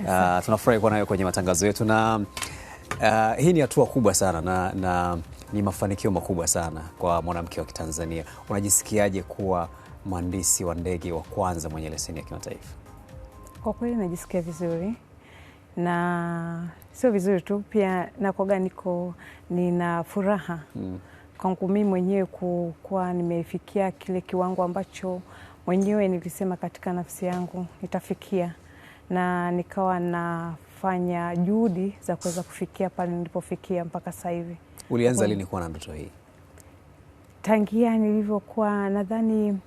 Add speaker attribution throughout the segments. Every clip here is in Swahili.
Speaker 1: Uh, tunafurahi kuwa nayo kwenye matangazo yetu na uh, hii ni hatua kubwa sana na, na ni mafanikio makubwa sana kwa mwanamke wa Kitanzania. Unajisikiaje kuwa mhandisi wa ndege wa kwanza mwenye leseni ya kimataifa?
Speaker 2: Kwa kweli najisikia vizuri na sio vizuri tu, pia nakoga niko nina furaha mm. Kwangu mimi mwenyewe kuwa nimefikia kile kiwango ambacho mwenyewe nilisema katika nafsi yangu nitafikia na nikawa nafanya juhudi za kuweza kufikia pale nilipofikia mpaka sasa hivi.
Speaker 1: Ulianza lini kuwa na ndoto hii?
Speaker 2: Tangia nilivyokuwa nadhani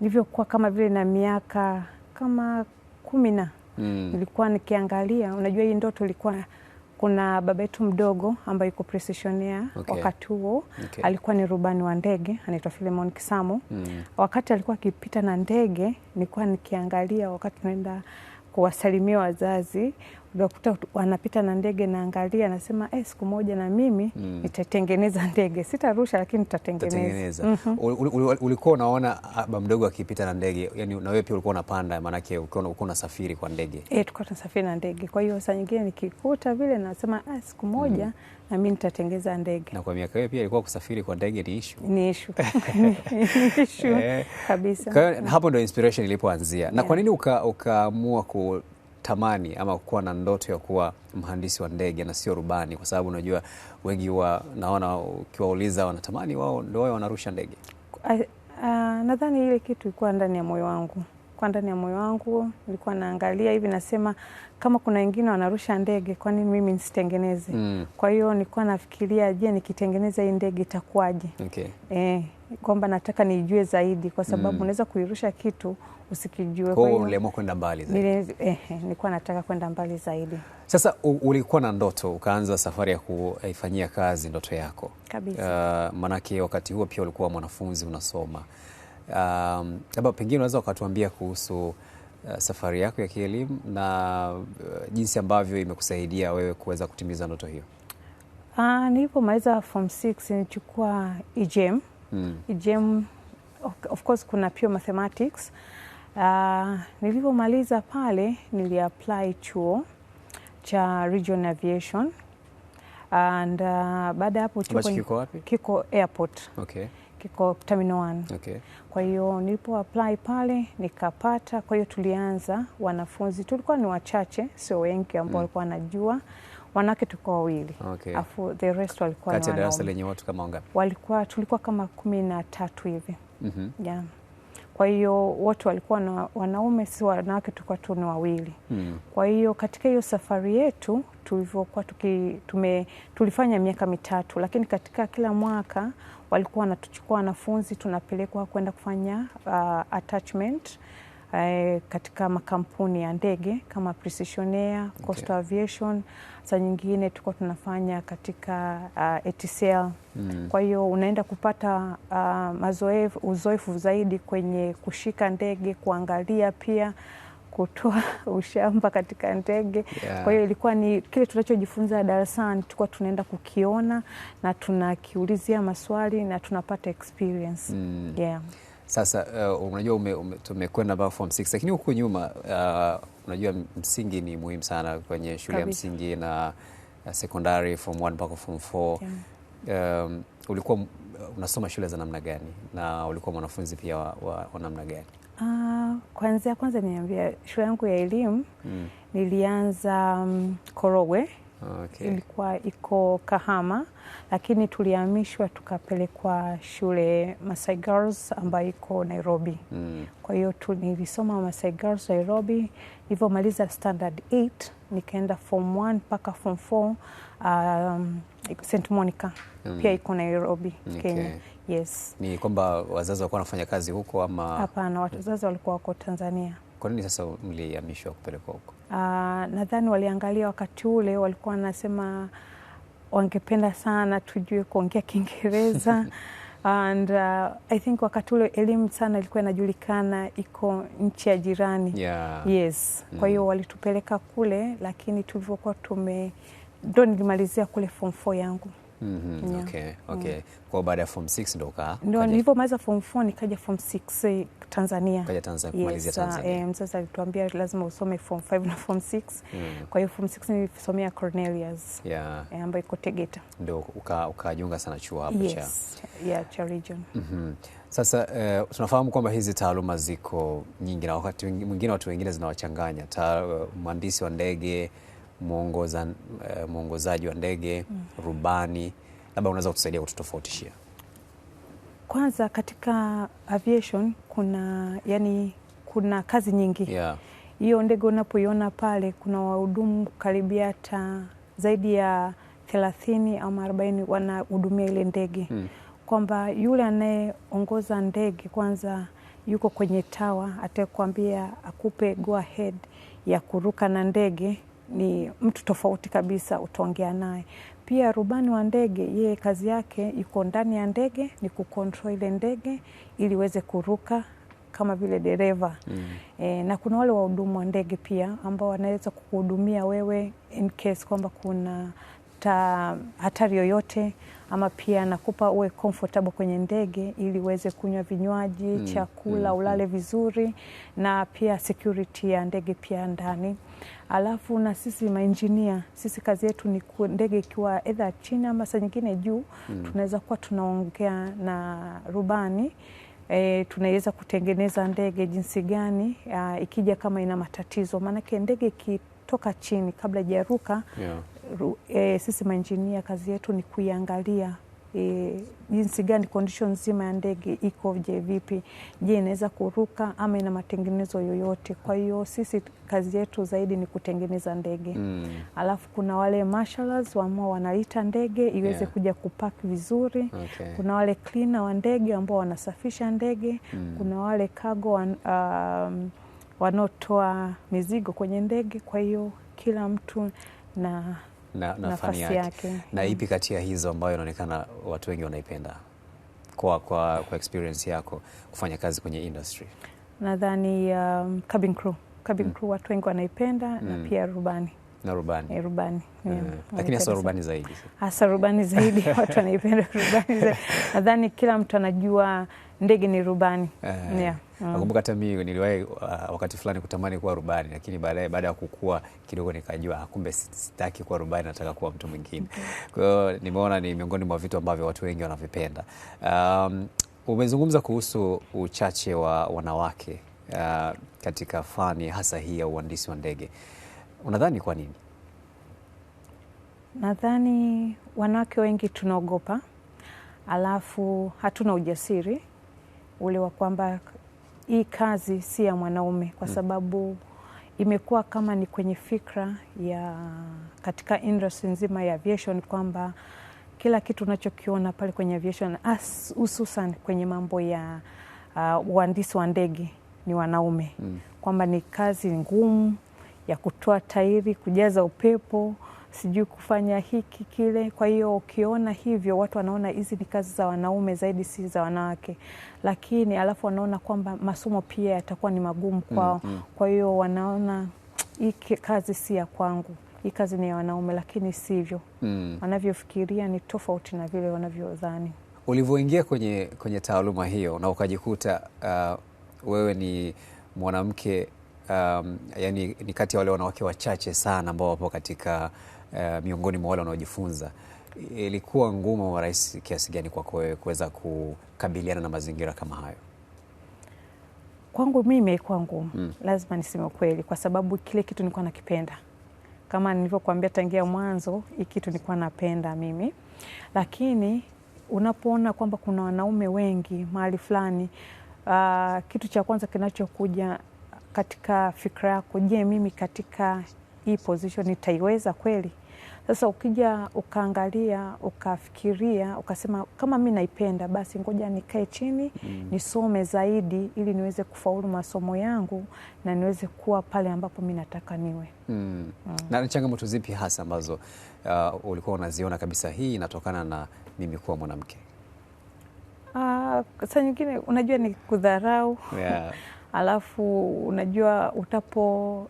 Speaker 2: nilivyokuwa kama vile na miaka kama kumi na mm. nilikuwa nikiangalia, unajua hii ndoto ilikuwa kuna baba yetu mdogo ambaye yuko precision air okay. Wakati huo okay. alikuwa ni rubani wa ndege anaitwa Filemon Kisamo mm. Wakati alikuwa akipita na ndege, nilikuwa nikiangalia wakati naenda kuwasalimia wazazi, unakuta wanapita na ndege, naangalia, nasema eh, siku moja na mimi mm. nitatengeneza ndege, sitarusha lakini nitatengeneza. mm
Speaker 1: -hmm. Ulikuwa unaona baba mdogo akipita na ndege, yani na wewe pia ulikuwa unapanda, maanake ulikuwa unasafiri kwa ndege? Eh,
Speaker 2: tulikuwa tunasafiri na ndege. Kwa hiyo saa nyingine nikikuta vile nasema eh, siku moja mm na mimi nitatengeza ndege.
Speaker 1: Na kwa miaka hiyo pia ilikuwa kusafiri kwa ndege ni issue.
Speaker 2: Ni issue. Ni issue eh. kabisa.
Speaker 1: Kwa, hapo ndio inspiration ilipoanzia. Yeah. Na kwa nini ukaamua uka kutamani ama kuwa na ndoto ya kuwa mhandisi wa ndege na sio rubani, kwa sababu unajua wengi wa naona ukiwauliza wanatamani wao ndio wao wanarusha ndege.
Speaker 2: Uh, nadhani ile kitu ilikuwa ndani ya moyo wangu kwa ndani ya moyo wangu nilikuwa naangalia hivi, nasema kama kuna wengine wanarusha ndege, kwa nini mimi nisitengeneze? mm. Kwa hiyo nilikuwa nafikiria, je, nikitengeneza hii ndege itakuwaje? okay. E, kwamba nataka nijue zaidi, kwa sababu mm. unaweza kuirusha kitu usikijue.
Speaker 1: Kwa hiyo uliamua kwenda mbali zaidi? Eh,
Speaker 2: eh, nilikuwa nataka kwenda mbali zaidi.
Speaker 1: Sasa ulikuwa na ndoto, ukaanza safari ya kuifanyia kazi ndoto yako
Speaker 2: kabisa.
Speaker 1: Uh, manake wakati huo pia ulikuwa mwanafunzi unasoma Um, pengine unaweza ukatuambia kuhusu uh, safari yako ya kielimu na uh, jinsi ambavyo imekusaidia wewe kuweza kutimiza ndoto hiyo.
Speaker 2: Uh, nilipomaliza form 6 nilichukua EGM. Mm. EGM of course kuna pure mathematics. Uh, nilipomaliza pale niliapply chuo cha Regional Aviation and uh, baada hapo
Speaker 1: chuo kiko wapi?
Speaker 2: Kiko airport. Okay kiko Terminal 1. Okay. Kwa hiyo nilipo apply pale nikapata. Kwa hiyo tulianza, wanafunzi tulikuwa ni wachache, sio wengi ambao mm. walikuwa mm. wanajua wanawake tuko wawili,
Speaker 1: okay. Afu
Speaker 2: the rest walikuwa
Speaker 1: kati ya darasa lenye watu kama wangapi?
Speaker 2: Walikuwa tulikuwa kama kumi na tatu hivi mm -hmm. yeah. Kwa hiyo watu walikuwa na wanaume, si wanawake, tulikuwa tu ni wawili mm. Kwa hiyo katika hiyo safari yetu tulivyokuwa tuki, tume, tulifanya miaka mitatu, lakini katika kila mwaka walikuwa wanatuchukua wanafunzi tunapelekwa kwenda kufanya uh, attachment uh, katika makampuni ya ndege kama Precision Air, okay. Coastal Aviation, saa nyingine tukuwa tunafanya katika uh, ATCL mm. Kwa hiyo unaenda kupata uh, mazoefu uzoefu zaidi kwenye kushika ndege, kuangalia pia kutoa ushamba katika ndege yeah. Kwa hiyo ilikuwa ni kile tunachojifunza darasani, tulikuwa tunaenda kukiona na tunakiulizia maswali na tunapata experience mm.
Speaker 1: yeah. Sasa uh, unajua ume, ume, tumekwenda mpaka form 6 lakini huku nyuma uh, unajua msingi ni muhimu sana kwenye shule ya msingi na uh, sekondari form 1 mpaka form 4 yeah. um, ulikuwa unasoma shule za namna gani na ulikuwa mwanafunzi pia wa, wa, wa namna gani? Uh,
Speaker 2: ah, kwanzia kwanza niambia shule yangu ya elimu hmm. mm. Nilianza um, Korogwe okay. Ilikuwa iko Kahama, lakini tulihamishwa tukapelekwa shule Masai Girls ambayo iko Nairobi mm. Kwa hiyo nilisoma Masai Girls Nairobi, nilivyomaliza standard 8 nikaenda form 1 mpaka form 4 um, St Monica mm. Pia iko Nairobi okay. Kenya Yes.
Speaker 1: Ni kwamba wazazi walikuwa wanafanya kazi huko ama?
Speaker 2: Hapana, wazazi walikuwa wako Tanzania.
Speaker 1: Kwa nini sasa mlihamishwa kupelekwa huko?
Speaker 2: Uh, nadhani waliangalia wakati ule walikuwa wanasema wangependa sana tujue kuongea Kiingereza and uh, I think wakati ule elimu sana ilikuwa inajulikana iko nchi ya jirani yeah. Yes, kwa hiyo mm. walitupeleka kule, lakini tulivyokuwa tume, ndo nilimalizia kule form 4 yangu
Speaker 1: mm -hmm. okay, okay. Mm. Kwa baada ya form 6 ndo ka
Speaker 2: nilipomaliza form 4 nikaja form 6 eh, Tanzania,
Speaker 1: kaja Tanzania kumalizia Tanzania. Yes, eh,
Speaker 2: mzazi alituambia lazima usome form 5 na form 6 mm. Kwa hiyo form 6 nilisomea Cornelius yeah. Eh, ambayo iko Tegeta,
Speaker 1: ndo ukajiunga sana chuo hapo yes. cha
Speaker 2: yeah, cha region mm -hmm.
Speaker 1: Sasa eh, tunafahamu kwamba hizi taaluma ziko nyingi na wakati mwingine watu wengine zinawachanganya, mhandisi wa ndege mwongoza eh, mwongozaji wa ndege mm. rubani, labda unaweza kutusaidia kututofautishia?
Speaker 2: Kwanza katika aviation kuna yani, kuna kazi nyingi hiyo yeah. Ndege unapoiona pale kuna wahudumu karibia hata zaidi ya thelathini ama arobaini wanahudumia ile ndege mm. kwamba yule anayeongoza ndege kwanza yuko kwenye tawa, atakwambia akupe go ahead ya kuruka na ndege ni mtu tofauti kabisa, utaongea naye. Pia rubani wa ndege, yeye kazi yake iko ndani ya ndege, ni kukontrol ile ndege ili iweze kuruka kama vile dereva mm. E, na kuna wale wahudumu wa ndege pia ambao wanaweza kukuhudumia wewe in case kwamba kuna kupata hatari yoyote, ama pia nakupa uwe comfortable kwenye ndege ili uweze kunywa vinywaji mm, chakula mm, ulale mm. vizuri na pia security ya ndege pia ndani. Alafu na sisi maengineer, sisi kazi yetu ni ndege ikiwa either chini ama saa nyingine juu mm, tunaweza kuwa tunaongea na rubani E, tunaweza kutengeneza ndege jinsi gani ikija kama ina matatizo, maanake ndege ikitoka chini kabla ijaruka, yeah e, sisi mainjinia kazi yetu ni kuiangalia E, jinsi gani condition nzima ya ndege je, vipi? Je, inaweza kuruka ama ina matengenezo yoyote? Kwa hiyo sisi kazi yetu zaidi ni kutengeneza ndege mm. Alafu kuna wale marshals ambao wanaita ndege iweze yeah. kuja kupaki vizuri okay. Kuna wale cleaner wa ndege ambao wanasafisha ndege mm. Kuna wale cargo wan, um, wanaotoa mizigo kwenye ndege. Kwa hiyo kila mtu na na, na fani yake. yake
Speaker 1: na ipi kati ya hizo ambayo inaonekana watu wengi wanaipenda kwa, kwa, kwa experience yako kufanya kazi kwenye industry?
Speaker 2: Nadhani um, cabin crew, cabin mm. crew watu wengi wanaipenda mm. na pia rubani na rubani, eh, rubani. Eh,
Speaker 1: lakini hasa rubani zaidi,
Speaker 2: hasa rubani zaidi watu wanaipenda rubani zaidi. Nadhani kila mtu anajua ndege ni rubani. Eh,
Speaker 1: yeah. Mm. Nakumbuka hata mimi niliwahi uh, wakati fulani kutamani kuwa rubani, lakini baadaye baada ya kukua kidogo nikajua ah, kumbe sitaki kuwa rubani, nataka kuwa mtu mwingine. Kwa hiyo nimeona ni miongoni mwa vitu ambavyo watu wengi wanavipenda. Um, umezungumza kuhusu uchache wa wanawake uh, katika fani hasa hii ya uhandisi wa ndege. Unadhani kwa nini?
Speaker 2: Nadhani wanawake wengi tunaogopa, alafu hatuna ujasiri ule wa kwamba hii kazi si ya mwanaume, kwa mm. sababu imekuwa kama ni kwenye fikra ya katika industry nzima ya aviation kwamba kila kitu unachokiona pale kwenye aviation hususan kwenye mambo ya uh, uhandisi wa ndege ni wanaume mm. Kwamba ni kazi ngumu ya kutoa tairi, kujaza upepo, sijui kufanya hiki kile. Kwa hiyo ukiona hivyo, watu wanaona hizi ni kazi za wanaume zaidi, si za wanawake, lakini alafu wanaona kwamba masomo pia yatakuwa ni magumu mm, kwao. mm -hmm. Kwa hiyo wanaona hii kazi si ya kwangu, hii kazi ni ya wanaume, lakini sivyo. mm. Wanavyofikiria ni tofauti na vile wanavyodhani.
Speaker 1: Ulivyoingia kwenye, kwenye taaluma hiyo na ukajikuta uh, wewe ni mwanamke um, yani ni kati ya wale wanawake wachache sana ambao wapo katika uh, miongoni mwa wale wanaojifunza. Ilikuwa ngumu wa rais kiasi gani kwako wewe kuweza kukabiliana na mazingira kama hayo?
Speaker 2: Kwangu mimi imekuwa ngumu mm. Lazima niseme ukweli, kwa sababu kile kitu nilikuwa nakipenda kama nilivyokuambia tangia mwanzo, hii kitu nilikuwa napenda mimi, lakini unapoona kwamba kuna wanaume wengi mahali fulani, uh, kitu cha kwanza kinachokuja katika fikra yako, je, mimi katika hii position nitaiweza kweli? Sasa ukija ukaangalia ukafikiria ukasema kama mi naipenda basi, ngoja nikae chini mm. nisome zaidi ili niweze kufaulu masomo yangu na niweze kuwa pale ambapo mi nataka niwe mm.
Speaker 1: Mm. Na ni changamoto zipi hasa ambazo uh, ulikuwa unaziona kabisa hii inatokana na mimi kuwa mwanamke?
Speaker 2: Uh, saa nyingine unajua ni kudharau yeah. alafu unajua utapo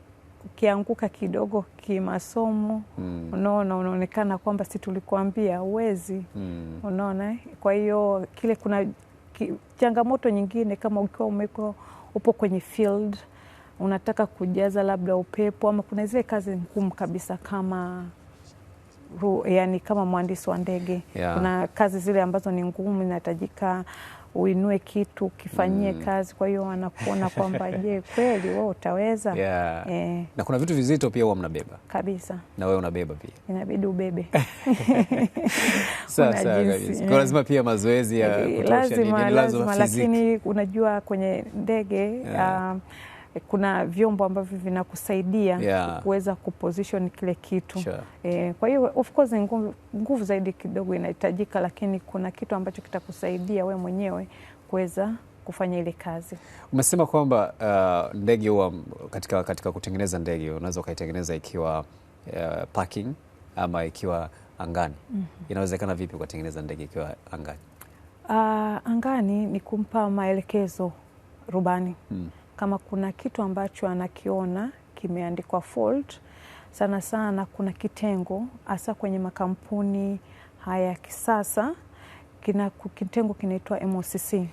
Speaker 2: ukianguka kidogo kimasomo mm. Unaona, unaonekana kwamba si tulikuambia uwezi mm. Unaona, eh? kwa hiyo kile kuna ki, changamoto nyingine kama ukiwa umeko upo kwenye field unataka kujaza labda upepo ama kuna zile kazi ngumu kabisa kama ru, yani kama mwandisi wa ndege yeah. Kuna kazi zile ambazo ni ngumu inahitajika uinue kitu ukifanyie mm. kazi. Kwa hiyo wanakuona kwamba je, kweli wewe utaweza? yeah.
Speaker 1: E. na kuna vitu vizito pia huwa mnabeba kabisa, na wewe unabeba pia,
Speaker 2: inabidi ubebe
Speaker 1: sasa kabisa. Eh. Kwa lazima pia mazoezi ya
Speaker 2: kutosha, lazima, lazima, lazima, lakini unajua kwenye ndege yeah. uh, Eh, kuna vyombo ambavyo vinakusaidia yeah. kuweza kuposition kile kitu sure. E, kwa hiyo of course nguvu, nguvu zaidi kidogo inahitajika, lakini kuna kitu ambacho kitakusaidia we mwenyewe kuweza kufanya ile kazi.
Speaker 1: Umesema kwamba uh, ndege huwa katika, katika kutengeneza ndege unaweza ukaitengeneza ikiwa uh, parking ama ikiwa angani mm -hmm. Inawezekana vipi ukatengeneza ndege ikiwa angani?
Speaker 2: Uh, angani ni kumpa maelekezo rubani mm kama kuna kitu ambacho anakiona kimeandikwa fault, sana sana kuna kitengo hasa kwenye makampuni haya ya kisasa, kina kitengo kinaitwa MOCC.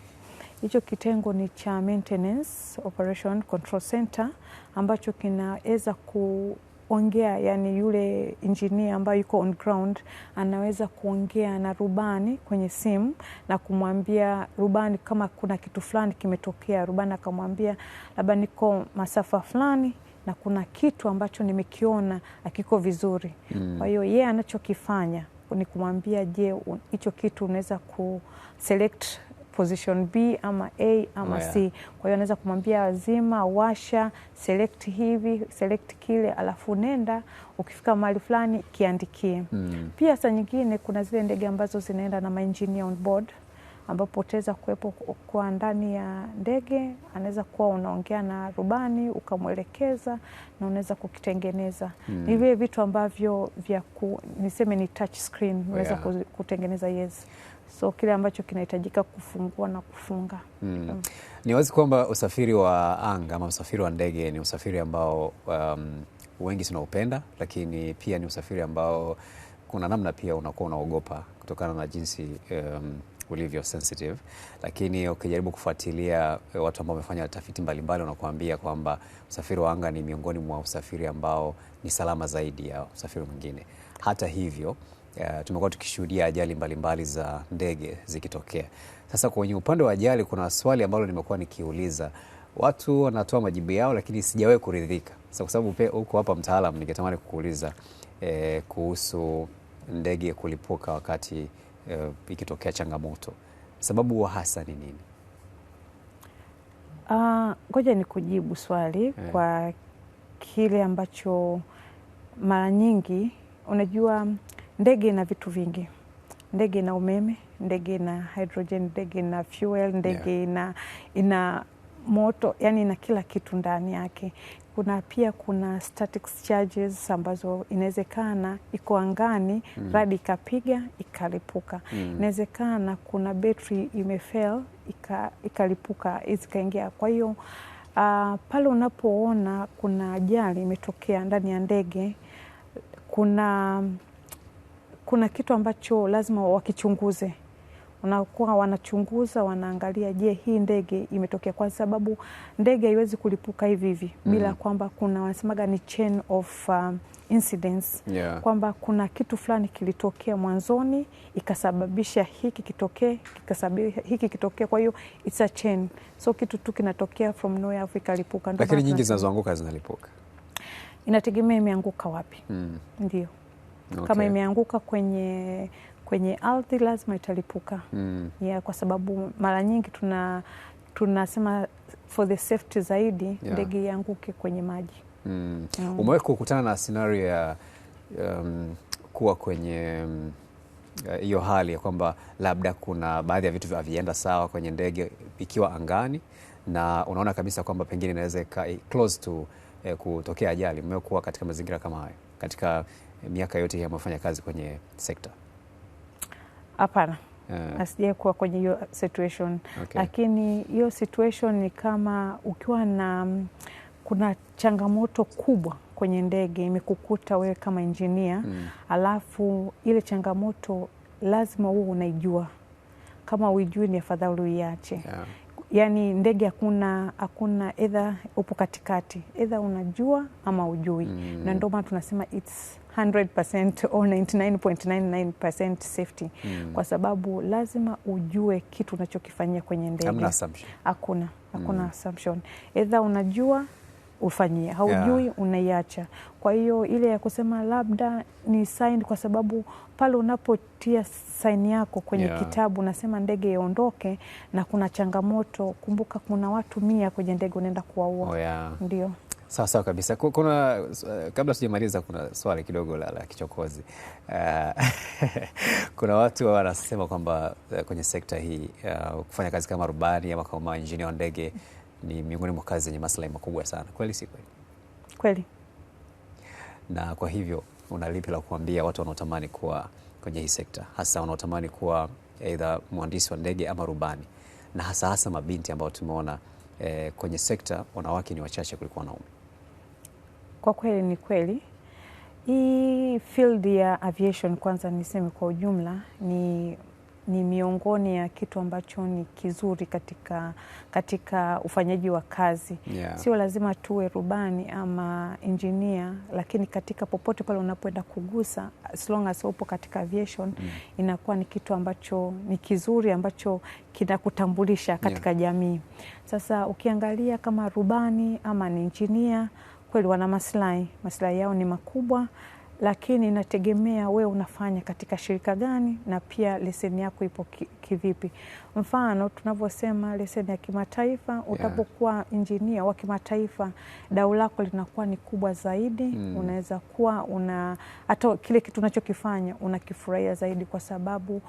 Speaker 2: Hicho kitengo ni cha Maintenance Operation Control Center ambacho kinaweza ku kuongea, yani yule injinia ambayo yuko on ground anaweza kuongea na rubani kwenye simu na kumwambia rubani kama kuna kitu fulani kimetokea. Rubani akamwambia labda niko masafa fulani na kuna kitu ambacho nimekiona akiko vizuri mm. Kwa hiyo yeye anachokifanya ni kumwambia, je, hicho kitu unaweza kuselect position B ama A ama oh, yeah. C. Kwa hiyo anaweza kumwambia wazima, washa, select hivi, select kile, alafu nenda ukifika mahali fulani kiandikie. mm. Pia saa nyingine kuna zile ndege ambazo zinaenda na mainjinia on board ambapo utaweza kuwepo kwa ndani ya ndege, anaweza kuwa unaongea na rubani ukamwelekeza na unaweza kukitengeneza. mm. Ni vile vitu ambavyo vya ku, niseme ni touch screen oh, unaweza yeah. kutengeneza yes so kile ambacho kinahitajika kufungua na kufunga. Mm.
Speaker 1: Ni wazi kwamba usafiri wa anga ama usafiri wa ndege ni usafiri ambao um, wengi tunaupenda, lakini pia ni usafiri ambao kuna namna pia unakuwa unaogopa kutokana na jinsi um, ulivyo sensitive, lakini ukijaribu okay, kufuatilia e, watu ambao wamefanya tafiti mbalimbali wanakuambia kwamba usafiri wa anga ni miongoni mwa usafiri ambao ni salama zaidi ya usafiri mwingine. Hata hivyo tumekuwa tukishuhudia ajali mbalimbali mbali za ndege zikitokea. Sasa kwenye upande wa ajali, kuna swali ambalo nimekuwa nikiuliza, watu wanatoa majibu yao, lakini sijawahi kuridhika. Sasa kwa sababu huko hapa mtaalam, ningetamani kukuuliza eh, kuhusu ndege kulipuka wakati eh, ikitokea changamoto, sababu wa hasa ni nini?
Speaker 2: Ah, ngoja uh, ni kujibu swali yeah, kwa kile ambacho mara nyingi unajua Ndege ina vitu vingi, ndege ina umeme, ndege ina hydrogen, ndege ina fuel, ndege yeah. ina, ina moto, yani ina kila kitu ndani yake. Kuna pia kuna static charges ambazo inawezekana iko angani mm. radi ikapiga ikalipuka mm. inawezekana kuna betri imefail ikalipuka zikaingia. Kwa hiyo uh, pale unapoona kuna ajali imetokea ndani ya ndege kuna kuna kitu ambacho lazima wakichunguze unakuwa wanachunguza wanaangalia, je, hii ndege imetokea, kwa sababu ndege haiwezi kulipuka hivi hivi mm. bila kwamba kuna wanasemaga ni chain of um, incidents yeah. kwamba kuna kitu fulani kilitokea mwanzoni ikasababisha hiki kitokee kikasababisha hiki kitokee, kwa hiyo it's a chain, so kitu tu kinatokea from nowhere afu ikalipuka.
Speaker 1: Lakini nyingi zinazoanguka zinalipuka,
Speaker 2: inategemea imeanguka wapi mm. ndio okay. Kama imeanguka kwenye kwenye ardhi lazima italipuka mm. Yeah, kwa sababu mara nyingi tuna tunasema for the safety zaidi ndege yeah. ianguke kwenye maji mm.
Speaker 1: mm. Umewahi kukutana na scenario ya um, kuwa kwenye um, hiyo um, hali ya kwamba labda kuna baadhi ya vitu havienda sawa kwenye ndege ikiwa angani na unaona kabisa kwamba pengine inaweza close to eh, kutokea ajali? Mmekuwa katika mazingira kama hayo katika miaka yote hii amefanya kazi kwenye sekta?
Speaker 2: Hapana, eh. asijai kuwa kwenye hiyo situation, lakini hiyo situation ni kama ukiwa na kuna changamoto kubwa kwenye ndege imekukuta wewe kama injinia mm. alafu ile changamoto lazima huo unaijua, kama uijui ni afadhali uiache yeah. Yani ndege hakuna hakuna edha, upo katikati, edha unajua ama ujui mm. na ndio maana tunasema it's 100% or 99.99% safety mm. Kwa sababu lazima ujue kitu unachokifanyia kwenye ndege. Hakuna hakuna mm. assumption, Edha unajua ufanyie, haujui yeah. unaiacha. Kwa hiyo ile ya kusema labda ni sign, kwa sababu pale unapotia sign yako kwenye yeah. kitabu unasema ndege iondoke na kuna changamoto, kumbuka kuna watu mia kwenye ndege unaenda kuwaua. oh, yeah. ndio
Speaker 1: Sawa sawa kabisa. Kuna eh, kabla sijamaliza, kuna swali kidogo la, la kichokozi uh, kuna watu wanasema kwamba eh, kwenye sekta hii uh, kufanya kazi kama rubani ama kama injinia wa ndege ni miongoni mwa kazi zenye maslahi makubwa sana. Kweli si kweli? Kweli. Na kwa hivyo una lipi la kuambia watu wanaotamani kuwa kwenye hii sekta, hasa wanaotamani kuwa aidha mhandisi wa ndege ama rubani, na hasa hasa mabinti ambao tumeona eh, kwenye sekta wanawake ni wachache kuliko wanaume?
Speaker 2: Kwa kweli ni kweli, hii field ya aviation kwanza niseme kwa ujumla ni, ni miongoni ya kitu ambacho ni kizuri katika, katika ufanyaji wa kazi yeah. Sio lazima tuwe rubani ama injinia, lakini katika popote pale unapoenda kugusa, as long as upo katika aviation mm. Inakuwa ni kitu ambacho ni kizuri ambacho kinakutambulisha katika yeah. jamii. Sasa ukiangalia kama rubani ama ni injinia kweli wana maslahi, maslahi yao ni makubwa, lakini inategemea wewe unafanya katika shirika gani na pia leseni yako ipo kivipi. Mfano tunavyosema leseni ya kimataifa, utapokuwa injinia wa kimataifa, dau lako linakuwa ni kubwa zaidi mm. Unaweza kuwa una hata kile kitu unachokifanya unakifurahia zaidi, kwa sababu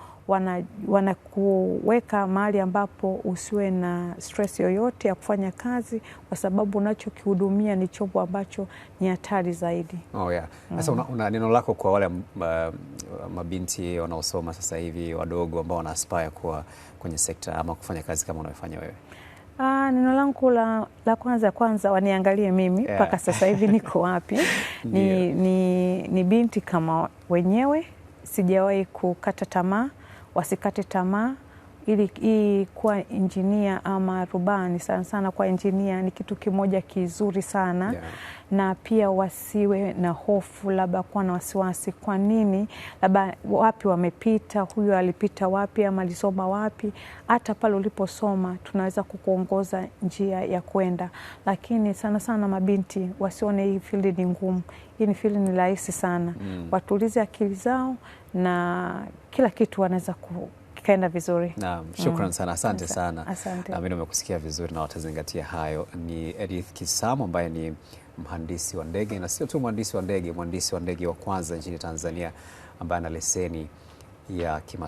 Speaker 2: wanakuweka wana mahali ambapo usiwe na stress yoyote ya kufanya kazi, kwa sababu unachokihudumia ni chombo ambacho ni hatari zaidi. Oh,
Speaker 1: yeah. Mm. Sasa una, una neno lako kwa wale uh, mabinti wanaosoma sasa hivi wadogo ambao wana aspire kuwa kwenye sekta ama kufanya kazi kama unavyofanya wewe?
Speaker 2: Uh, neno langu la, la kwanza kwanza waniangalie mimi mpaka yeah. sasa hivi niko wapi ni, ni, ni binti kama wenyewe, sijawahi kukata tamaa wasikate tamaa ili hii kuwa injinia ama rubani sana sana, kwa injinia ni kitu kimoja kizuri sana yeah. Na pia wasiwe na hofu, labda kuwa na wasiwasi, kwa nini, labda wapi wamepita, huyu alipita wapi ama alisoma wapi. Hata pale uliposoma tunaweza kukuongoza njia ya kwenda, lakini sana sana mabinti wasione hii fildi ni ngumu. Hii ni fildi ni rahisi sana mm. Watulize akili zao na kila kitu wanaweza kikaenda vizuri.
Speaker 1: Naam, mm. shukran mm. sana, asante sana, asante. Naamini umekusikia vizuri na watazingatia hayo. Ni Edith Kisamo ambaye ni mhandisi wa ndege na sio tu mhandisi wa ndege, mhandisi wa ndege wa kwanza nchini Tanzania ambaye ana leseni ya kimataifa.